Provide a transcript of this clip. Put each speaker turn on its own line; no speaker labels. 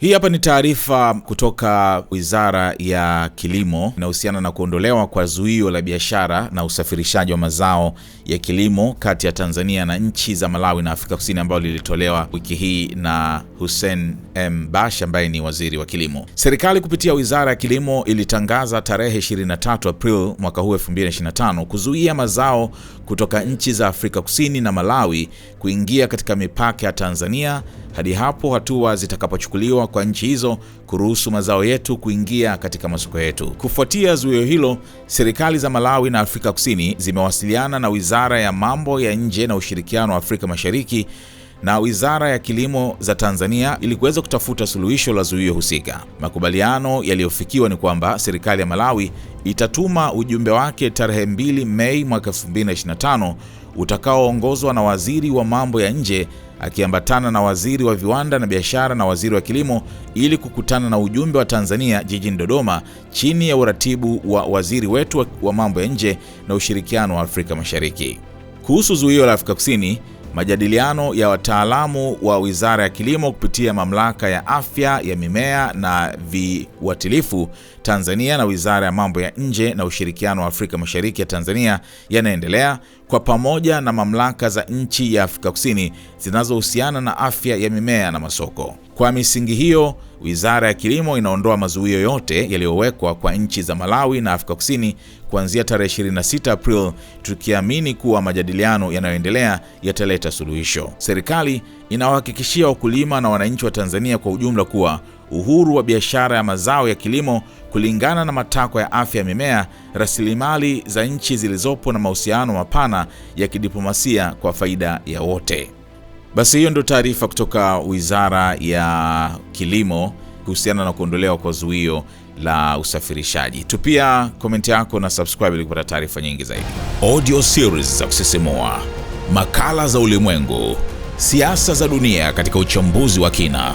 Hii hapa ni taarifa kutoka Wizara ya Kilimo inahusiana na kuondolewa kwa zuio la biashara na usafirishaji wa mazao ya kilimo kati ya Tanzania na nchi za Malawi na Afrika Kusini ambalo lilitolewa wiki hii na Hussein M Bash ambaye ni waziri wa kilimo. Serikali kupitia Wizara ya Kilimo ilitangaza tarehe 23 Aprili mwaka huu 2025 kuzuia mazao kutoka nchi za Afrika Kusini na Malawi kuingia katika mipaka ya Tanzania hadi hapo hatua zitakapochukuliwa kwa nchi hizo kuruhusu mazao yetu kuingia katika masoko yetu. Kufuatia zuio hilo, serikali za Malawi na Afrika Kusini zimewasiliana na Wizara ya Mambo ya Nje na Ushirikiano wa Afrika Mashariki na Wizara ya Kilimo za Tanzania ili kuweza kutafuta suluhisho la zuio husika. Makubaliano yaliyofikiwa ni kwamba serikali ya Malawi itatuma ujumbe wake tarehe 2 Mei mwaka 2025 utakaoongozwa na waziri wa mambo ya nje akiambatana na waziri wa viwanda na biashara na waziri wa kilimo ili kukutana na ujumbe wa Tanzania jijini Dodoma chini ya uratibu wa waziri wetu wa mambo ya nje na ushirikiano wa Afrika Mashariki. Kuhusu zuio la Afrika Kusini, majadiliano ya wataalamu wa Wizara ya Kilimo kupitia Mamlaka ya Afya ya Mimea na Viuatilifu Tanzania na Wizara ya Mambo ya Nje na Ushirikiano wa Afrika Mashariki ya Tanzania yanaendelea kwa pamoja na mamlaka za nchi ya Afrika Kusini zinazohusiana na afya ya mimea na masoko. Kwa misingi hiyo, Wizara ya Kilimo inaondoa mazuio yote yaliyowekwa kwa nchi za Malawi na Afrika Kusini kuanzia tarehe 26 april tukiamini kuwa majadiliano yanayoendelea yataleta suluhisho. Serikali inawahakikishia wakulima na wananchi wa Tanzania kwa ujumla kuwa uhuru wa biashara ya mazao ya kilimo kulingana na matakwa ya afya ya mimea, rasilimali za nchi zilizopo na mahusiano mapana ya kidiplomasia kwa faida ya wote. Basi hiyo ndio taarifa kutoka Wizara ya Kilimo kuhusiana na kuondolewa kwa zuio la usafirishaji. Tupia komenti yako na subscribe ili kupata taarifa nyingi zaidi.
Audio series za kusisimua, makala za ulimwengu, siasa za dunia katika uchambuzi wa kina